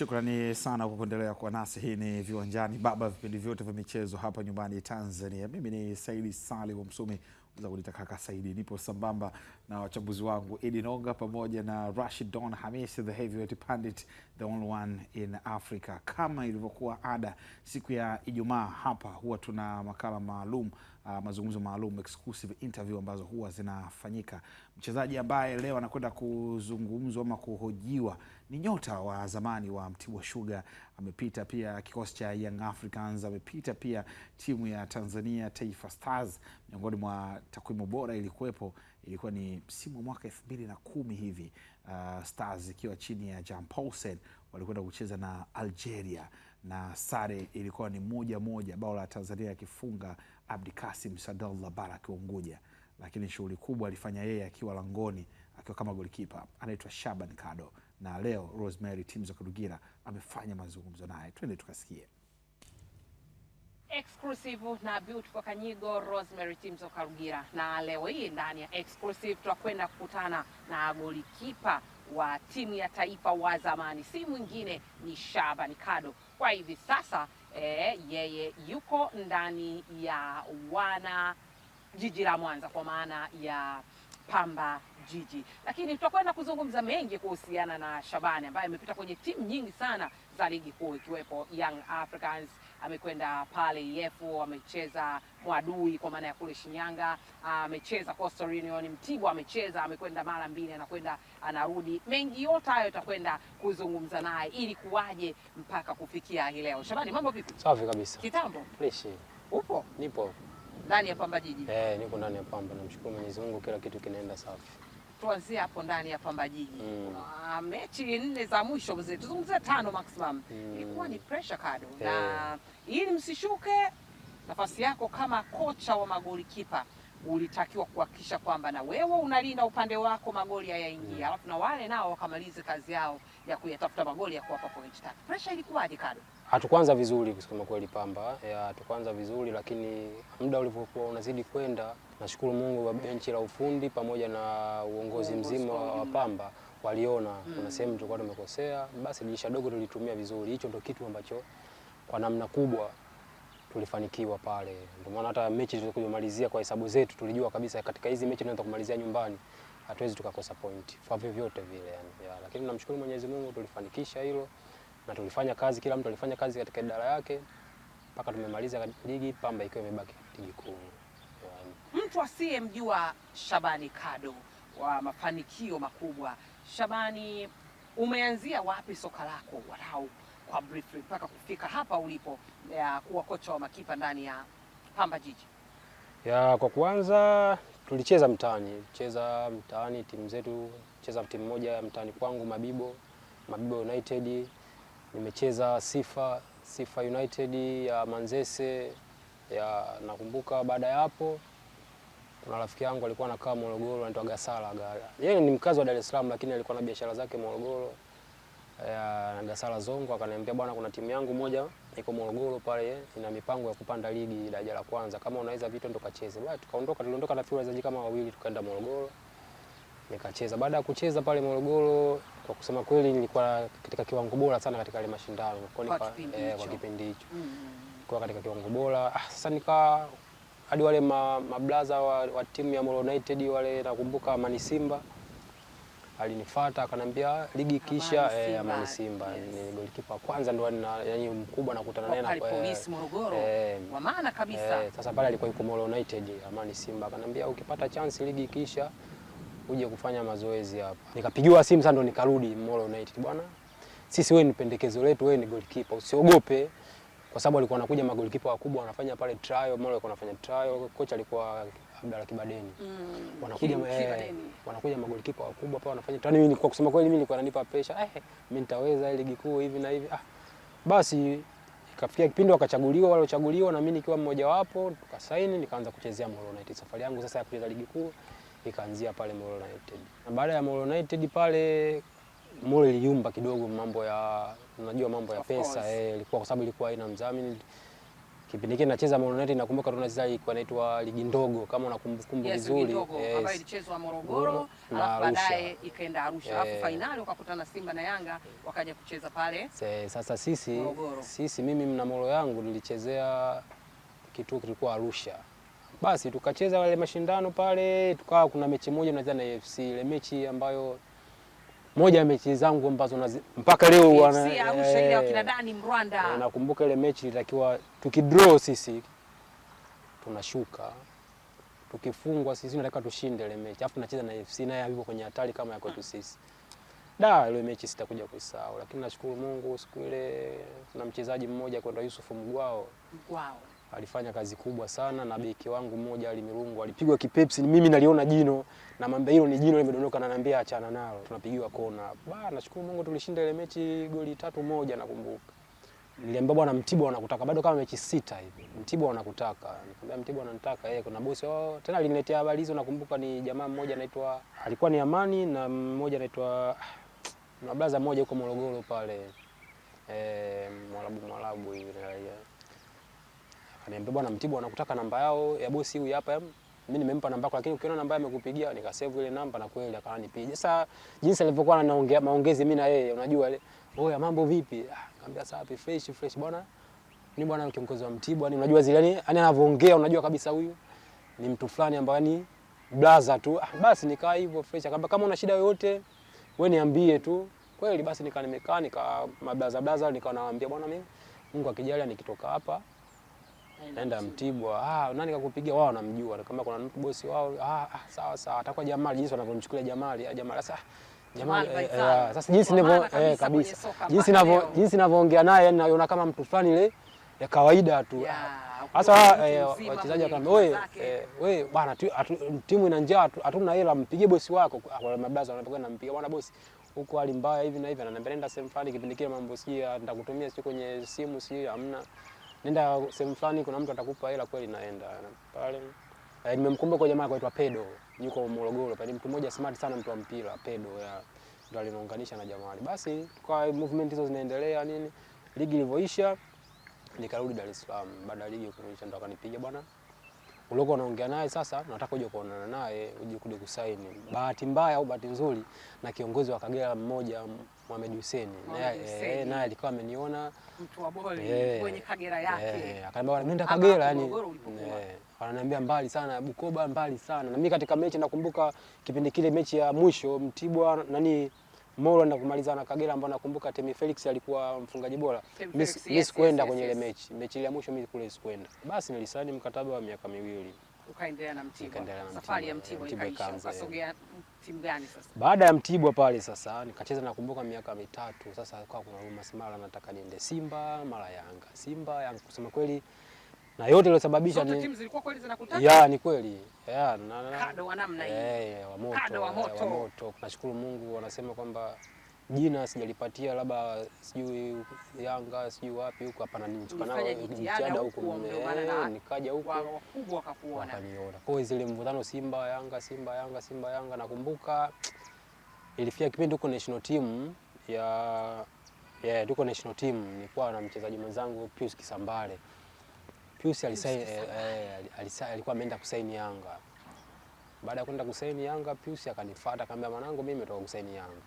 Shukrani sana kwa kuendelea kuwa nasi. Hii ni Viwanjani, baba vipindi vyote vya michezo hapa nyumbani Tanzania. Mimi ni Saidi Sali wa Msumi, za kunita kaka Saidi. Nipo sambamba na wachambuzi wangu Edi Nonga pamoja na Rashid Don Hamis, the heavyweight pundit, the only one in Africa. Kama ilivyokuwa ada, siku ya Ijumaa hapa huwa tuna makala maalum Uh, mazungumzo maalum exclusive interview ambazo huwa zinafanyika. Mchezaji ambaye leo anakwenda kuzungumzwa ama kuhojiwa ni nyota wa zamani wa Mtibwa Sugar, amepita pia kikosi cha Young Africans, amepita pia timu ya Tanzania Taifa Stars. Miongoni mwa takwimu bora ilikuwepo ilikuwa ni msimu wa mwaka elfu mbili na kumi hivi, uh, Stars ikiwa chini ya Jean Paulsen walikwenda kucheza na Algeria na sare ilikuwa ni moja moja, bao la Tanzania akifunga Abdi Kasim Sadallah Barak wa Unguja, lakini shughuli kubwa alifanya yeye akiwa langoni akiwa kama golikipa, anaitwa Shaban Kado na leo Rosemary Timzo Kadugira amefanya mazungumzo naye, twende tukasikie. Exclusive na Beautiful Kanyigo Rosemary Timzo Karugira, na leo hii ndani ya exclusive tutakwenda kukutana na golikipa wa timu ya taifa wa zamani, si mwingine ni Shabani Kado. Kwa hivi sasa e, yeye yuko ndani ya wana jiji la Mwanza kwa maana ya Pamba jiji, lakini tutakwenda kuzungumza mengi kuhusiana na Shabani ambaye amepita kwenye timu nyingi sana za ligi kuu ikiwepo Young Africans, amekwenda pale Yefu, amecheza Mwadui kwa maana ya kule Shinyanga, amecheza Coastal Union, Mtibwa amecheza, amekwenda mara mbili, anakwenda anarudi. Mengi yote hayo tutakwenda kuzungumza naye ili kuwaje mpaka kufikia hii leo. Shabani, mambo vipi? Safi kabisa. Kitambo. Fresh. Upo? Nipo. Ndani ya Pamba Jiji. Eh, niko ndani ya Pamba. Namshukuru Mwenyezi Mungu, kila kitu kinaenda safi tuanzie hapo ndani ya Pamba Jiji mm. Uh, mechi nne za mwisho mzee, tuzungumzie tano maximum mm. Ilikuwa ni pressure kado hey. Eh. Na ili msishuke nafasi yako kama kocha wa magoli kipa ulitakiwa kuhakikisha kwamba na wewe unalinda upande wako magoli hayaingia, mm. alafu na wale nao wakamalize kazi yao ya kuyatafuta magoli ya kuwapa point tatu. Pressure ilikuwaje kado? Hatukuanza vizuri kusema kweli, Pamba eh, hatukuanza vizuri, lakini muda ulivyokuwa unazidi kwenda, nashukuru Mungu wa benchi la ufundi pamoja na uongozi mzima wa Pamba waliona mm. kuna sehemu tulikuwa tumekosea, basi dirisha dogo tulitumia vizuri. Hicho ndio kitu ambacho kwa namna kubwa tulifanikiwa pale. Ndio maana hata mechi tulizokumalizia kwa hesabu zetu tulijua kabisa katika hizi mechi tunaweza kumalizia nyumbani, hatuwezi tukakosa point kwa vyovyote vile yani. Ya, lakini namshukuru Mwenyezi Mungu tulifanikisha hilo na tulifanya kazi, kila mtu alifanya kazi katika idara yake mpaka tumemaliza ligi, Pamba ikiwa imebaki ligi kuu. Mtu asiyemjua Shabani Kado wa mafanikio makubwa, Shabani, umeanzia wapi soka lako walau kwa brief mpaka kufika hapa ulipo ya kuwa kocha wa makipa ndani ya Pamba Jiji? Ya, kwa kwanza tulicheza mtaani, cheza mtaani timu zetu, cheza timu moja ya mtaani kwangu Mabibo, Mabibo United nimecheza Sifa, Sifa United ya Manzese ya nakumbuka. Baada ya hapo kuna rafiki yangu alikuwa anakaa Morogoro, anaitwa Gasala Gala, Yeye ni mkazi wa Dar es Salaam, lakini alikuwa na biashara zake Morogoro na Gasala Zongo. Akaniambia, bwana, kuna timu yangu moja iko Morogoro pale, ina mipango ya kupanda ligi daraja la kwanza, kama unaweza vitu ndo kacheze. Basi tukaondoka, tuliondoka na wachezaji kama wawili, tukaenda Morogoro nikacheza. Baada ya kucheza pale Morogoro kwa kusema kweli nilikuwa katika kiwango bora sana katika ile mashindano kwa eh, kipindi hicho, mm, mm, mm. kwa katika kiwango bora ah, sasa nika hadi wale mablaza wa, wa timu ya Moro United wale, nakumbuka Amani Simba alinifuata akaniambia ligi ikiisha eh, Amani Simba eh, yes. Ni golikipa kwanza ndo yani mkubwa nakutana naye na kwa polisi Morogoro eh, wa maana kabisa eh, sasa pale alikuwa yuko Moro United Amani Simba akaniambia ukipata chance ligi kisha uje kufanya mazoezi hapa. Nikapigiwa simu sasa ndo nikarudi Molo United, bwana sisi, wewe ni pendekezo letu, wewe ni goalkeeper, usiogope kwa sababu alikuwa anakuja magolikipa wakubwa wanafanya pale trial, mara alikuwa anafanya trial, kocha alikuwa Abdalla Kibadeni. Mm, wanakuja eh, wanakuja magolikipa wakubwa pale wanafanya trial. Mimi nilikuwa kusema kweli, mimi nilikuwa nanipa pressure eh, mimi nitaweza ile ligi kuu hivi na hivi. Ah, basi ikafikia kipindi wakachaguliwa wale wachaguliwa, na mimi nikiwa mmoja wapo, tukasaini, nikaanza kuchezea Molo United. Safari yangu sasa ya kucheza ligi kuu nikaanzia pale Molo United. Na baada ya Molo United pale Molo iliyumba kidogo, mambo ya unajua, mambo ya pesa eh, ilikuwa kwa sababu ilikuwa haina mdhamini. Kipindi kile nacheza Molo United nakumbuka tunacheza ilikuwa inaitwa ligi ndogo kama unakumbukumbu vizuri. Yes, ambayo ilichezwa Morogoro, na baadaye ikaenda Arusha. Alafu eh. finali ukakutana Simba na Yanga wakaja kucheza pale. Se, Sasa sisi Morogoro. Sisi mimi na Molo yangu nilichezea kituo kilikuwa Arusha. Basi tukacheza wale mashindano pale, tukawa kuna mechi moja na na AFC, ile mechi ambayo moja ya mechi zangu ambazo mpaka leo wana eh, Mrwanda. Eh, nakumbuka ile mechi ilitakiwa tukidraw sisi tunashuka, tukifungwa sisi tunataka tushinde ile mechi, Alafu tunacheza na AFC naye yuko kwenye hatari kama yako tu sisi. Da, ile mechi sitakuja kuisahau, lakini nashukuru Mungu siku ile kuna mchezaji mmoja kwenda Yusuf Mgwao. Mgwao alifanya kazi kubwa sana, na beki wangu mmoja alimirungu alipigwa kipepsi, mimi naliona jino, na mambia hilo ni jino limedondoka, na naambia achana nalo, tunapigiwa kona ba. Nashukuru Mungu tulishinda ile mechi goli tatu moja, nakumbuka niliambia bwana Mtibwa anakutaka bado kama mechi sita hivi. Mtibwa anakutaka. Nikamwambia Mtibwa ananitaka yeye kuna bosi oh, Tena aliniletea habari hizo nakumbuka ni jamaa mmoja anaitwa alikuwa ni Amani na mmoja anaitwa na blaza mmoja huko Morogoro pale. Eh, Mwarabu Mwarabu yule raia. Akaniambia bwana Mtibwa anakutaka namba yao ya bosi huyu hapa. Mimi nimempa namba yako, lakini ukiona namba amekupigia, nikasave ile namba na kweli akanipigia. Sasa jinsi alivyokuwa anaongea maongezi mimi na yeye, unajua ile, oya mambo vipi? Ah, Nikamwambia safi, fresh fresh bwana. Ni bwana kiongozi wa Mtibwa, ni unajua zile yani anavyoongea, unajua kabisa huyu ni mtu fulani ambaye ni blaza tu. Ah, basi nikaa hivyo fresh. Akamba kama una shida yoyote wewe niambie tu. Kweli basi nikaa nimekaa nika mablaza blaza nikawa nawaambia bwana mimi Mungu akijali nikitoka hapa naenda Mtibwa, ah, nani kakupigia? Wao wanamjua kama kuna mtu bosi wao. Ah, ah sawa sawa, atakuwa Jamali, jinsi wanavyomchukulia Jamali. Ah, Jamali sasa Jamali eh, eh, sasa, jinsi ninavyo eh, kabisa jinsi ninavyo jinsi ninavyoongea naye, yani naona kama mtu fulani ile ya kawaida tu. Ah, sasa eh, wachezaji wakamwambia, wewe we bwana, timu ina njaa, hatuna hela, mpigie bosi wako. Wale mablaza wanapokuwa nampigia bwana, bosi huko hali mbaya hivi na hivi, ananiambia nenda sehemu fulani, kipindi kile mambo sijui nitakutumia, sio kwenye simu, sio hamna nenda sehemu fulani, kuna mtu atakupa hela kweli, naenda pale. Eh, nimemkumbuka kwa jamaa anaitwa Pedo, yuko Morogoro pale, mtu mmoja smart sana, mtu wa mpira Pedo, ya ndo alinounganisha na jamaa. Basi kwa movement hizo zinaendelea nini, ligi ilivyoisha, nikarudi Dar es Salaam. Baada ya ligi kuisha, ndo akanipiga bwana uliokuwa unaongea naye sasa, nataka uje kuonana naye, uje kuja kusaini. Bahati mbaya au bahati nzuri, na kiongozi wa Kagera mmoja Mohamed Hussein naye eh, naye alikuwa ameniona mtu wa boli eh. kwenye Kagera yake, eh, akaniambia wanaenda Kagera, yani wananiambia mbali sana Bukoba, mbali sana na mimi. Katika mechi nakumbuka kipindi kile, mechi ya mwisho Mtibwa nani Moro na kumaliza na Kagera ambao nakumbuka Temi Felix alikuwa mfungaji bora. Mimi sikuenda kwenye ile mechi. Mechi ya mwisho mimi kule sikuenda. Basi nilisaini mkataba wa miaka miwili. Ukaendelea na Mtibwa. Ukaendelea na safari ya Mtibwa ikaisha. Ukasogea timu gani sasa? Baada ya Mtibwa pale sasa nikacheza nakumbuka miaka mitatu. Sasa kwa kuna rumors mara nataka niende Simba, mara Yanga. Simba, Yanga kusema kweli na yote iliyosababisha ni ya ni kweli ya kado wa namna hii eh, wa moto, kado wa moto. Wa moto. Nashukuru Mungu wanasema kwamba jina sijalipatia labda sijui Yanga sijui wapi huko, hapana, nimechukana jitihada huko, eh, nikaja huko wakaniona. Kwa hiyo zile mvutano Simba Yanga Simba Yanga Simba Yanga, nakumbuka ilifikia kipindi huko national team ya yeah, tuko national team, nilikuwa na mchezaji mwenzangu Pius Kisambale Pius eh, eh, alikuwa ameenda kusaini Yanga. Baada ya kwenda kusaini Yanga, Pius akanifuata akamwambia, mwanangu, mimi nimetoka kusaini Yanga.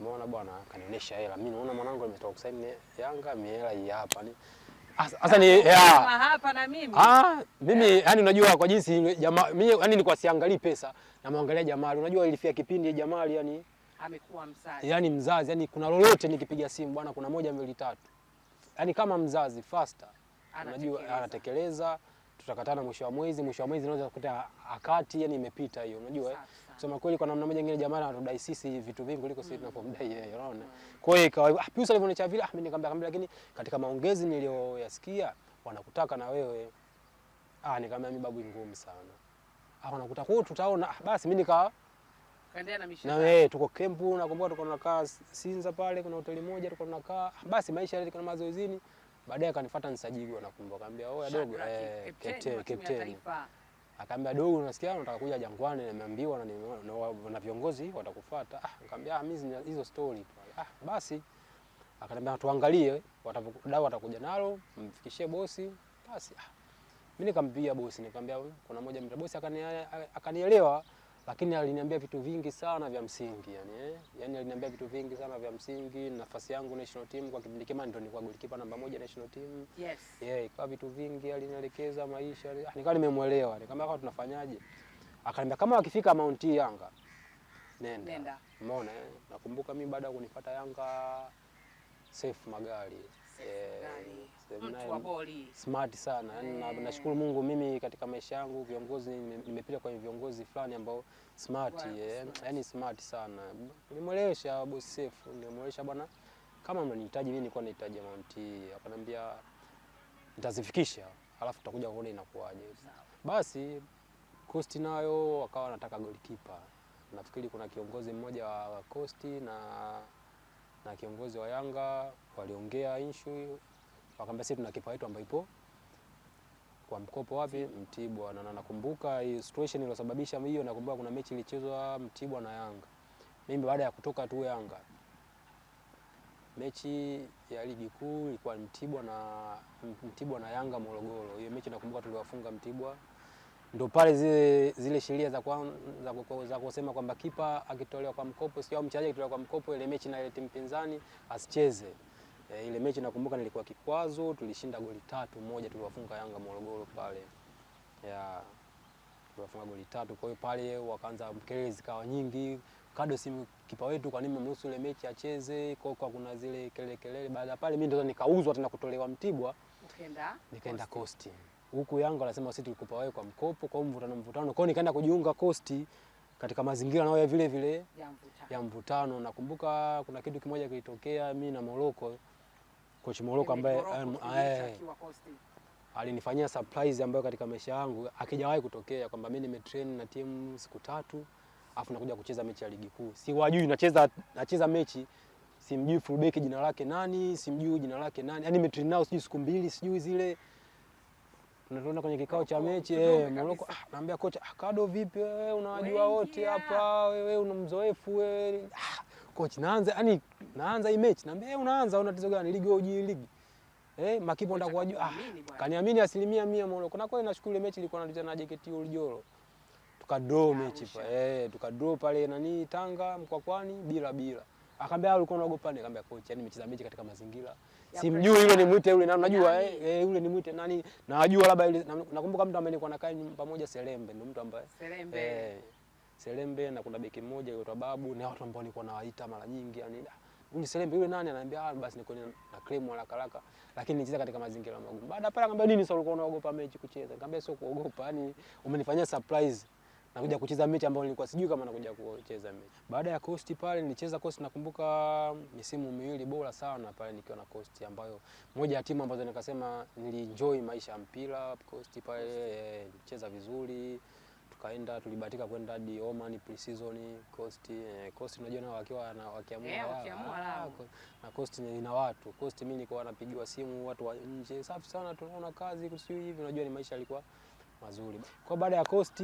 Umeona bwana, akanionyesha hela. Mimi naona mwanangu nimetoka kusaini Yanga, mimi hela hii hapa ni sasa ni hapa na mimi. Ah, mimi yani unajua kwa jinsi jamaa mimi yani nilikuwa siangalii pesa na mwangalia Jamali. Unajua ilifia kipindi jamaa yani amekuwa mzazi. Yani mzazi, yani kuna lolote nikipiga simu bwana, kuna moja mbili tatu. Yani kama mzazi faster unajua anatekeleza, tutakatana mwisho wa mwezi, mwisho wa mwezi naweza kukuta akati, yani imepita hiyo, unajua kusema kweli, kwa namna moja nyingine jamaa anatudai sisi vitu vingi kuliko sisi mm. tunapomdai yeye, unaona. Kwa hiyo ikawa ah, Pius alivyoniacha vile, ah, mimi nikamwambia kambi, lakini katika maongezi niliyoyasikia wanakutaka na wewe. Ah, nikamwambia mimi babu, ngumu sana. Ah, wanakuta kwao, tutaona. Ah, basi mimi nika kaendelea na misheni. Na eh, tuko kempu, nakumbuka tuko tunakaa Sinza pale, kuna hoteli moja tuko tunakaa. Ah, basi maisha yale, kuna mazoezini Baadaye akanifuata Nsajigwa nakumbuka, akamwambia wewe dogo, eh, captain captain, akaambia dogo, unasikia unataka kuja Jangwani, nimeambiwa na, na, na viongozi watakufuata. Ah, nikamwambia ah, mimi hizo story tu. Ah, basi akaniambia tuangalie wadau watakuja nalo, mfikishie bosi. Basi ah, mimi nikampigia bosi, nikamwambia kuna moja mta bosi akanielewa akani lakini aliniambia vitu vingi sana vya msingi yani, eh? Yani aliniambia vitu vingi sana vya msingi, nafasi yangu national team kwa kipindi kile ndio nilikuwa goalkeeper namba moja national team. Yes. Yeah, ikawa vitu vingi alinielekeza maisha. Nikawa nimemuelewa. Nikamwambia kwa tunafanyaje? Akaniambia kama wakifika Mount Yanga nenda. Nenda. Umeona eh? Nakumbuka mimi baada ya kunifuata Yanga safe magari. Safe yeah. magari. Eh, mtu wa Smart sana yani yeah. Nashukuru na Mungu mimi katika maisha yangu viongozi nimepita kwenye viongozi fulani ambao smart yeah. Eh. Yani smart sana, nilimwelewesha boss Seif, nilimwelewesha bwana, kama mnanihitaji mimi nilikuwa nahitaji amount hii, akanambia nitazifikisha alafu tutakuja kuona inakuwaje. Basi Coast nayo wakawa wanataka goalkeeper, nafikiri kuna kiongozi mmoja wa Coast na na kiongozi wa Yanga waliongea issue Wakaambia sisi tuna kipa wetu ambaye ipo kwa mkopo wapi Mtibwa, na nakumbuka hii situation iliyosababisha hiyo. Nakumbuka kuna mechi ilichezwa Mtibwa na Yanga, mimi baada ya kutoka tu Yanga, mechi ya ligi kuu ilikuwa Mtibwa na Mtibwa na Yanga Morogoro. Hiyo mechi nakumbuka tuliwafunga Mtibwa, ndo pale zile, zile sheria za, kwa, za, kwa, za kusema kwamba kipa akitolewa kwa mkopo sio mchezaji akitolewa kwa mkopo ile mechi na ile timu pinzani asicheze. E, ile mechi nakumbuka nilikuwa kikwazo, tulishinda goli tatu moja, tuliwafunga Yanga Morogoro pale ya tuliwafunga goli tatu. Kwa hiyo pale wakaanza kelele zikawa nyingi, kado si kipa wetu, kwa nini mmemruhusu ile mechi acheze? Kwa kwa kuna zile kelele kelele. Baada pale mimi ndo nikauzwa tena kutolewa Mtibwa, nikaenda nikaenda Coast huku Yanga wanasema sisi tulikupa wewe kwa mkopo, kwa mvutano mvutano. Kwa hiyo nikaenda kujiunga Coast katika mazingira nao ya vile vile ya mvutano. Nakumbuka kuna kitu kimoja kilitokea mimi na Morocco Coach Moroko ambaye um, eh, alinifanyia surprise ambayo katika maisha yangu akijawahi kutokea kwamba mimi nimetrain na timu siku tatu afu nakuja kucheza mechi ya ligi kuu. si wajui nacheza nacheza mechi simjui fullback jina lake nani, simjui jina lake nani. Yaani nimetrain nao sijui siku mbili, sijui zile tunatoona kwenye kikao cha mechi eh, Moroko ah, naambia kocha ah, Kado vipi wewe unawajua wote hapa wewe unamzoefu wewe ah coach, naanza yani naanza hii mechi. Naambia yeye eh, unaanza au tatizo gani? Ligi au ligi? Eh, makipo ndo kwa Ah, kaniamini asilimia mia moja. Kuna kweli nashukuru ile mechi ilikuwa anacheza na JKT Oljoro. Tukadraw mechi pa. Eh, tukadraw pale nani Tanga Mkwakwani bila bila. Akaambia alikuwa ah, anaogopa, nini? Akaambia coach, yani mechi za mechi katika mazingira simjui yule ni mwite yule na unajua eh, eh yule mwite nani? Najua labda yule nakumbuka mtu ambaye nilikuwa nakaa pamoja Selembe, ndio mtu ambaye Selembe. Eh, Selembe na kuna beki mmoja anaitwa Babu na watu ambao walikuwa nawaita mara nyingi yani ni Selembe yule nani ananiambia ah, basi niko na claim haraka haraka, lakini nicheza katika mazingira magumu. Baada pale akamwambia nini, sasa ulikuwa unaogopa mechi kucheza? Nikamwambia sio kuogopa, yani umenifanyia surprise nakuja kucheza mechi ambayo nilikuwa sijui kama nakuja kucheza mechi. Baada ya Coast pale nilicheza Coast, nakumbuka misimu miwili bora sana pale nikiwa na Coast, ambayo moja ya timu ambazo nikasema nilienjoy maisha ya mpira Coast pale, eh, nilicheza vizuri tukaenda tulibahatika kwenda hadi Oman pre-season Coast. Eh, Coast unajua nao wakiwa na wakiamua yeah, wala, ah, lao na Coast ina watu. Coast mimi niko napigiwa simu watu wa nje, safi sana, tunaona kazi kusijui hivi, unajua ni maisha yalikuwa mazuri. Kwa baada ya Coast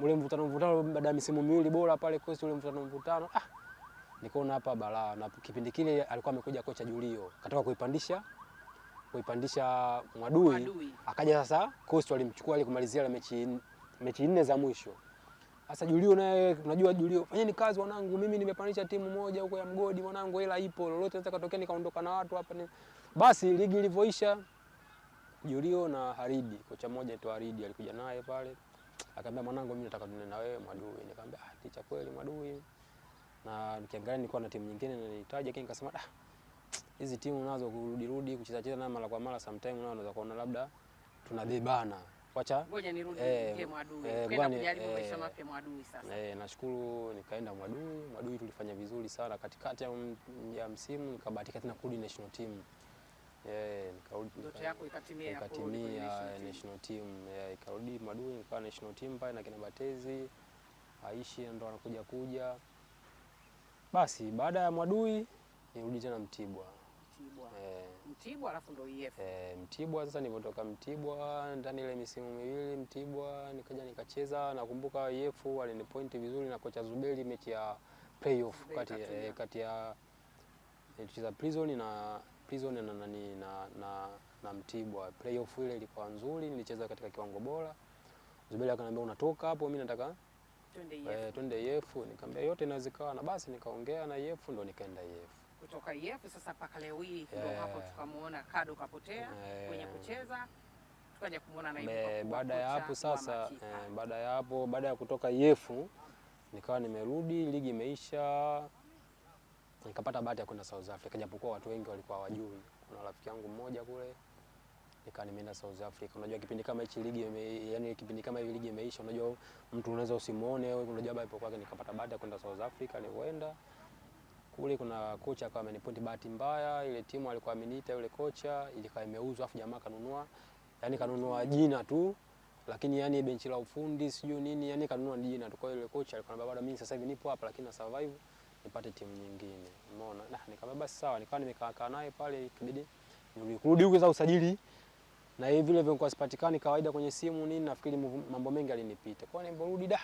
ule mvutano mvutano, baada ya misimu miwili bora pale Coast ule mvutano mvutano, ah, nikaona hapa balaa. Na kipindi kile alikuwa amekuja kocha Julio, katoka kuipandisha kuipandisha Mwadui, Mwadui. Akaja sasa Coast walimchukua ili kumalizia ile mechi mechi nne za mwisho. Sasa Julio naye unajua Julio, fanyeni kazi wanangu, mimi nimepanisha timu moja huko ya mgodi mwanangu, hela ipo lolote naweza katokea nikaondoka na watu hapa. Basi ligi ilivyoisha, Julio na Haridi, kocha mmoja aitwa Haridi, alikuja naye pale akaambia, mwanangu, mimi nataka tunene na wewe Mwadui. Nikamwambia ah, ticha kweli Mwadui, na nikiangalia nilikuwa na timu nyingine na nilihitaji, lakini nikasema da, ah, hizi timu nazo kurudi rudi kucheza cheza na mara kwa mara, sometime nao unaweza kuona labda tunabebana Wacha ngoja nirudi eh, nje Mwadui. Eh, kwenda kujaribu eh, maisha mapya Mwadui sasa. Eh, nashukuru nikaenda Mwadui. Mwadui tulifanya vizuri sana katikati ya, ya msimu nikabahatika tena kurudi national team. Eh, nikarudi. Ndoto yako ikatimia ikatimia eh, national team. Eh, ikarudi Mwadui nikawa national team pale na kina Batezi. Aishi ndo anakuja kuja. Basi baada ya Mwadui nirudi tena Mtibwa. Mtibwa alafu ndo EF. E, eh, Mtibwa sasa nilipotoka Mtibwa ndani ile misimu miwili Mtibwa nikaja nikacheza, nakumbuka EF walinipointi vizuri na kocha Zuberi mechi ya playoff kati, e, kati ya nilicheza Prison na Prison na nani na, na, na Mtibwa. Playoff ile ilikuwa nzuri, nilicheza katika kiwango bora. Zuberi akaniambia unatoka hapo, mimi nataka twende EF. E, eh, twende EF. Nikamwambia yote inawezekana, basi nikaongea na EF ndo nikaenda EF kutoka IF e sasa mpaka leo hii ndio yeah. hapo tukamwona Kado kapotea yeah. kwenye kucheza tukaja kumwona naibu mkuu. Baada ya hapo sasa eh, baada ya hapo baada ya kutoka IF e nikawa nimerudi, ligi imeisha, nikapata bahati ya kwenda South Africa, japokuwa watu wengi walikuwa wajui. Kuna rafiki yangu mmoja kule nikawa nimeenda South Africa. Unajua kipindi kama hichi ligi ime, yani kipindi kama hivi ligi imeisha, unajua mtu unaweza usimuone, unajua baba ipo kwake. Nikapata bahati ya kwenda South Africa, nilienda kule, kuna kocha akawa amenipointi. Bahati mbaya ile timu alikuwa ameniita yule kocha, ilikuwa imeuzwa, afu jamaa kanunua, yani kanunua jina tu, lakini yani benchi la ufundi sijui nini, yani kanunua jina tu. Kwa hiyo yule kocha alikuwa anababa, bado mimi sasa hivi nipo hapa, lakini na survive nipate timu nyingine, umeona. Nah, nikamwambia basi sawa, nikawa nimekaa naye pale, ikibidi nirudi huko za usajili na hivi vile vile nilikuwa sipatikani kawaida kwenye simu nini, nafikiri mambo mengi alinipita. Kwa nini nilirudi da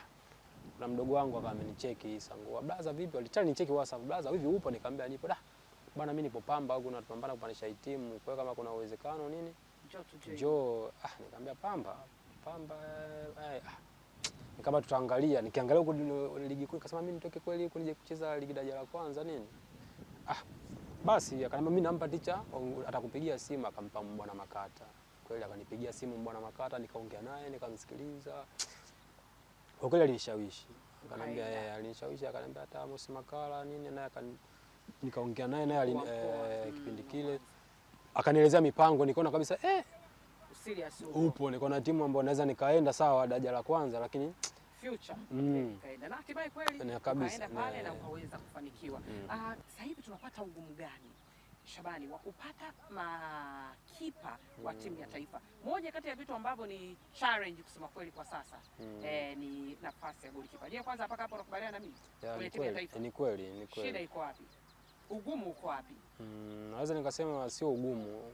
na mdogo wangu akawa amenicheki hii sangu, blaza vipi, alichana nicheki WhatsApp, Brother hivi upo? Nikamwambia nipo. Da Bwana mimi nipo Pamba huko, na tunapambana kupandisha timu, kwa kama kuna uwezekano nini, njoo. Ah, nikamwambia Pamba Pamba eh, ah nikama tutaangalia, nikiangalia huko ligi kuu, nikasema mimi nitoke kweli huko nije kucheza ligi daraja la kwanza nini. Ah, basi akanambia mimi nampa ticha, atakupigia simu. Akampa Mbwana Makata, kweli akanipigia simu Mbwana Makata, nikaongea naye nikamsikiliza kwa kweli alinishawishi. Akaniambia yeye eh, alinishawishi, akaniambia hata Amos Makala nini naye nikaongea naye naye eh, kipindi mm, kile akanielezea mipango, nikaona kabisa eh, serious upo, niko na timu ambayo naweza nikaenda sawa daraja la kwanza lakini future mm. Kaenda na hatimaye kweli kaenda pale eh. na ukaweza kufanikiwa. Mm. Ah, sasa hivi tunapata ugumu gani Shabani wa kupata makipa wa mm. timu ya taifa. Moja kati ya vitu ambavyo ni challenge kusema kweli kwa sasa mm. eh, ni nafasi ya goalkeeper. Je, kwanza mpaka hapo unakubaliana mimi Kwenye timu ya taifa. Ni kweli, ni kweli. Shida iko wapi? Ugumu uko wapi? Mm, naweza nikasema sio ugumu.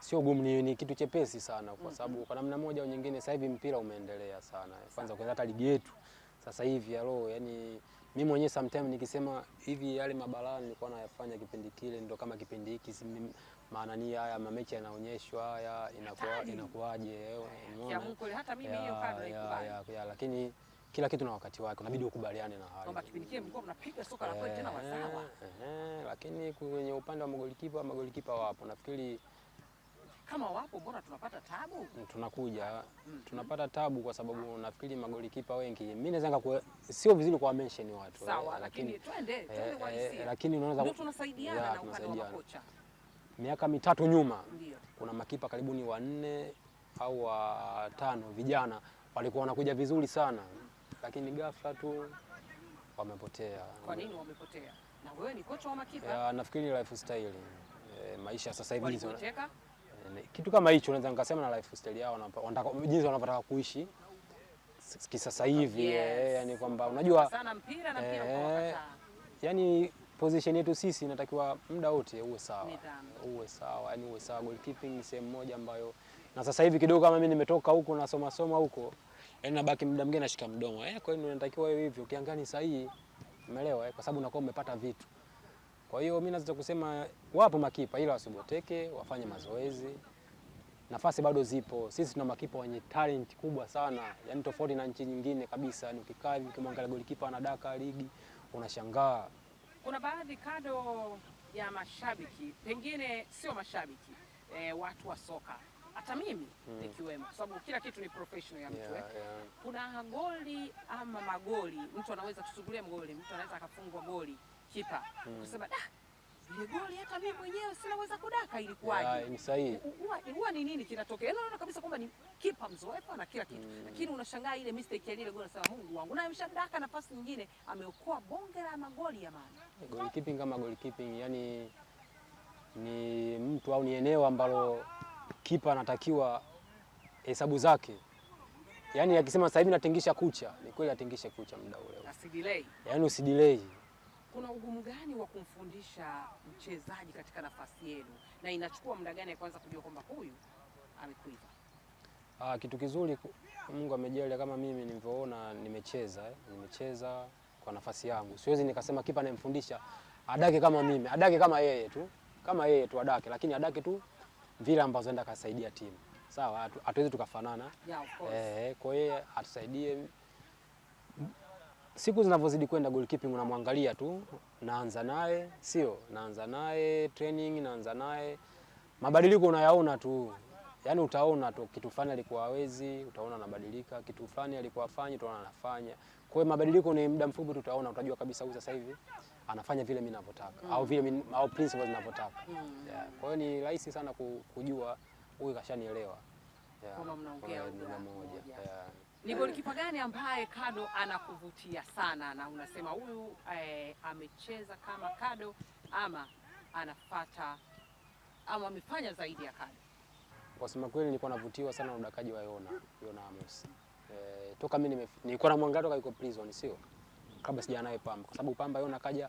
Sio ugumu ni, ni kitu chepesi sana kwa mm-hmm. sababu mm -hmm. kwa namna moja au nyingine sasa hivi mpira umeendelea sana. Kwanza kwa hata ligi yetu sasa hivi ya roho yani mimi mwenyewe sometimes nikisema hivi yale mabalaa nilikuwa nayafanya kipindi kile, ndo kama kipindi hiki maana ni haya mamechi yanaonyeshwa haya, inakuwa inakuwaje? Eh, unaona, lakini kila kitu na wakati wake, unabidi mm. ukubaliane na hali. Eh, eh, lakini kwenye upande wa magolikipa, magolikipa wapo nafikiri kama wapo bora tunapata tabu, tunakuja mm -hmm. tunapata tabu kwa sababu nafikiri magoli kipa wengi, mimi naweza kue... sio vizuri kwa mention watu eh, sawa, eh, lakini twende eh, twende eh, lakini unaweza ndio tunasaidiana na upande wa makocha. Miaka mitatu nyuma, ndiyo. kuna makipa karibu ni wanne au watano vijana walikuwa wanakuja vizuri sana, lakini ghafla tu wamepotea. Kwa nini wamepotea? Na wewe ni kocha wa makipa? Ya, Nafikiri lifestyle, e, maisha sasa hivi kitu kama hicho naweza nikasema, na lifestyle yao wanataka jinsi wanavyotaka kuishi kisasa hivi yes. Eh, Yani kwamba unajua sana mpira na mpira eh, yani position yetu sisi inatakiwa muda wote uwe sawa, uwe sawa, yani uwe sawa. Goalkeeping ni sehemu moja ambayo, na sasa hivi kidogo, kama mimi nimetoka huko na soma soma huko, yani nabaki muda mwingine nashika mdomo eh, kwa hiyo inatakiwa hiyo hivyo, ukiangalia sahihi, umeelewa eh, kwa sababu unakuwa umepata vitu kwa hiyo mimi naweza kusema wapo makipa ila wasiboteke, wafanye mazoezi. Nafasi bado zipo. Sisi tuna makipa wenye talent kubwa sana, yaani tofauti na nchi nyingine kabisa. Ni yaani ukikaa ukimwangalia golikipa anadaka ligi unashangaa. Kuna baadhi kado ya mashabiki, pengine sio mashabiki e, watu wa soka hata mimi hmm, nikiwemo kwa sababu kila kitu ni professional ya mtu yeah, eh. yeah. Kuna goli ama magoli, mtu anaweza tusugulie mgoli, mtu anaweza akafungwa goli kipa hmm. Kusema da ile goli hata mimi mwenyewe sinaweza kudaka, ilikuwaje? Ni sahihi. Huwa ni nini kinatokea? Yaani unaona kabisa kwamba ni kipa mzoefu na kila kitu hmm. Lakini unashangaa ile mistake ya ile goli, nasema Mungu wangu, naye mshadaka na pasi nyingine, ameokoa bonge la magoli ya maana. Goal keeping kama goal keeping, yani ni mtu au ni eneo ambalo kipa anatakiwa hesabu zake yaani akisema sasa hivi natingisha kucha, ni kweli atingishe kucha muda ule, usidelay yani usidelay kuna ugumu gani wa kumfundisha mchezaji katika nafasi yenu na inachukua muda gani ya kwanza kujua kwamba huyu amekuiva? Ah, kitu kizuri Mungu amejalia, kama mimi nilivyoona, nimecheza nimecheza kwa nafasi yangu, siwezi nikasema kipa namfundisha adake kama mimi, adake kama yeye tu, kama yeye tu adake, lakini adake tu vile ambazo enda kasaidia timu. Sawa, hatuwezi tukafanana. Yeah, of course. Eh, kwa hiyo atusaidie siku zinavyozidi kwenda, goalkeeping unamwangalia tu, naanza naye sio, naanza naye training, naanza naye mabadiliko unayaona tu, yani utaona tu kitu fulani alikuwa hawezi, utaona anabadilika, kitu fulani alikuwa afanye, utaona anafanya. Kwa hiyo mabadiliko ni muda mfupi tu, utaona, utajua kabisa huyu sasa hivi anafanya vile mimi ninavyotaka mm. au vile mimi au principles ninavyotaka mm. yeah. Kwa hiyo ni rahisi sana kujua huyu kashanielewa, yeah. kama mnaongea moja yeah. Ni golikipa gani ambaye Kado anakuvutia sana na unasema huyu eh, amecheza kama Kado ama anafata ama amefanya zaidi ya Kado? Wasema kweli, nilikuwa navutiwa sana na udakaji wa Yona Yona Amos. Eh, toka mimi nilikuwa namwangalia toka yuko prison, sio kabla sija naye Pamba, kwa sababu Pamba Yona kaja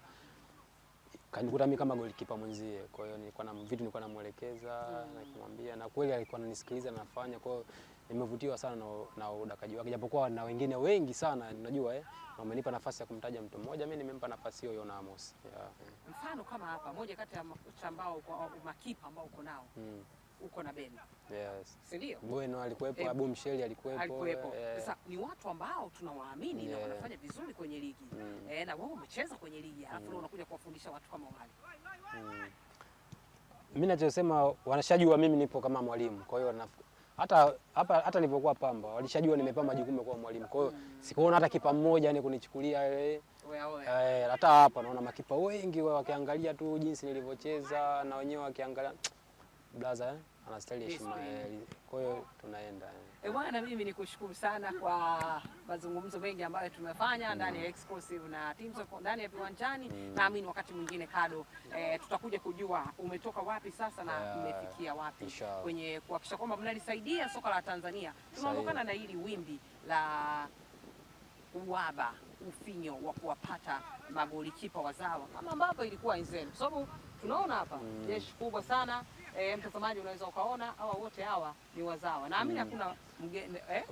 kanikuta mimi kama golikipa mwenzie. Kwa hiyo nilikuwa na vitu nilikuwa namuelekeza mm, na kumwambia na kweli alikuwa ananisikiliza na nafanya kwa hiyo nimevutiwa sana na, na udakaji wake, japokuwa na wengine wengi sana najua eh, wamenipa nafasi ya kumtaja mtu mmoja, mimi nimempa nafasi hiyo Yona Amos. Yeah. Mfano kama hapa moja kati ya ambao kwa makipa ambao uko nao mm. uko na Beno. Yes. ndio? Bueno alikuwepo, eh, Abu Msheli alikuwepo. Alikuwepo. Eh. Sasa ni watu ambao tunawaamini yeah. na wanafanya vizuri kwenye ligi. Mm. Eh, na wao wamecheza kwenye ligi alafu mm. unakuja kuwafundisha watu kama wale. Mm. Mimi nachosema wanashajua mimi nipo kama mwalimu, kwa hiyo hata hapa hata nilipokuwa Pamba walishajua nimepewa majukumu kwa mwalimu, kwa hiyo mm. sikuona hata kipa mmoja yani kunichukulia wewe eh, eh, hata hapa naona makipa wengi wakiangalia tu jinsi nilivyocheza na wenyewe wakiangalia blaza eh? anastahili heshima. Eh, kwa hiyo tunaenda eh. eh bwana, mimi kushukuru sana kwa mazungumzo mengi ambayo tumefanya mm. ndani ya Exclusive na Timzoo ndani ya viwanjani. Mm. Naamini wakati mwingine kado eh, tutakuja kujua umetoka wapi sasa na umefikia wapi kwenye kuhakikisha kwamba mnalisaidia soka la Tanzania. Tunaondokana na hili wimbi la uaba ufinyo wa kuwapata magolikipa wazawa kama ambavyo ilikuwa enzi zenu, kwa sababu tunaona hapa mm. jeshi kubwa sana eh, mtazamaji unaweza ukaona hawa wote hawa ni wazawa, naamini mm. hakuna mm. eh,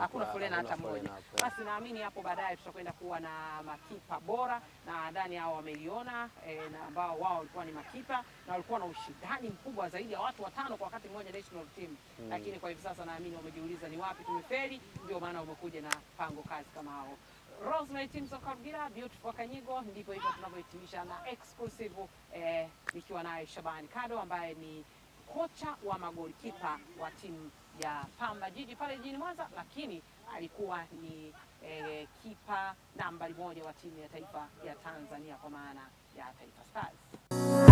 hakuna foreigner hata mmoja. Basi naamini hapo baadaye tutakwenda kuwa na makipa bora, na ndani hao wameliona eh, na ambao wao walikuwa ni makipa na walikuwa na ushindani mkubwa zaidi ya watu watano kwa wakati mmoja national team mm. Lakini kwa hivi sasa naamini wamejiuliza ni wapi tumefeli, ndio maana wamekuja na pango kazi kama hao. Rosemary Timson Kabila, kwa Kanyigo, ndivyo hivyo tunavyohitimisha na exclusive eh, nikiwa naye Shabani Kado ambaye ni kocha wa magolikipa wa timu ya Pamba Jiji pale jijini Mwanza, lakini alikuwa ni eh, kipa nambari moja wa timu ya taifa ya Tanzania kwa maana ya Taifa Stars.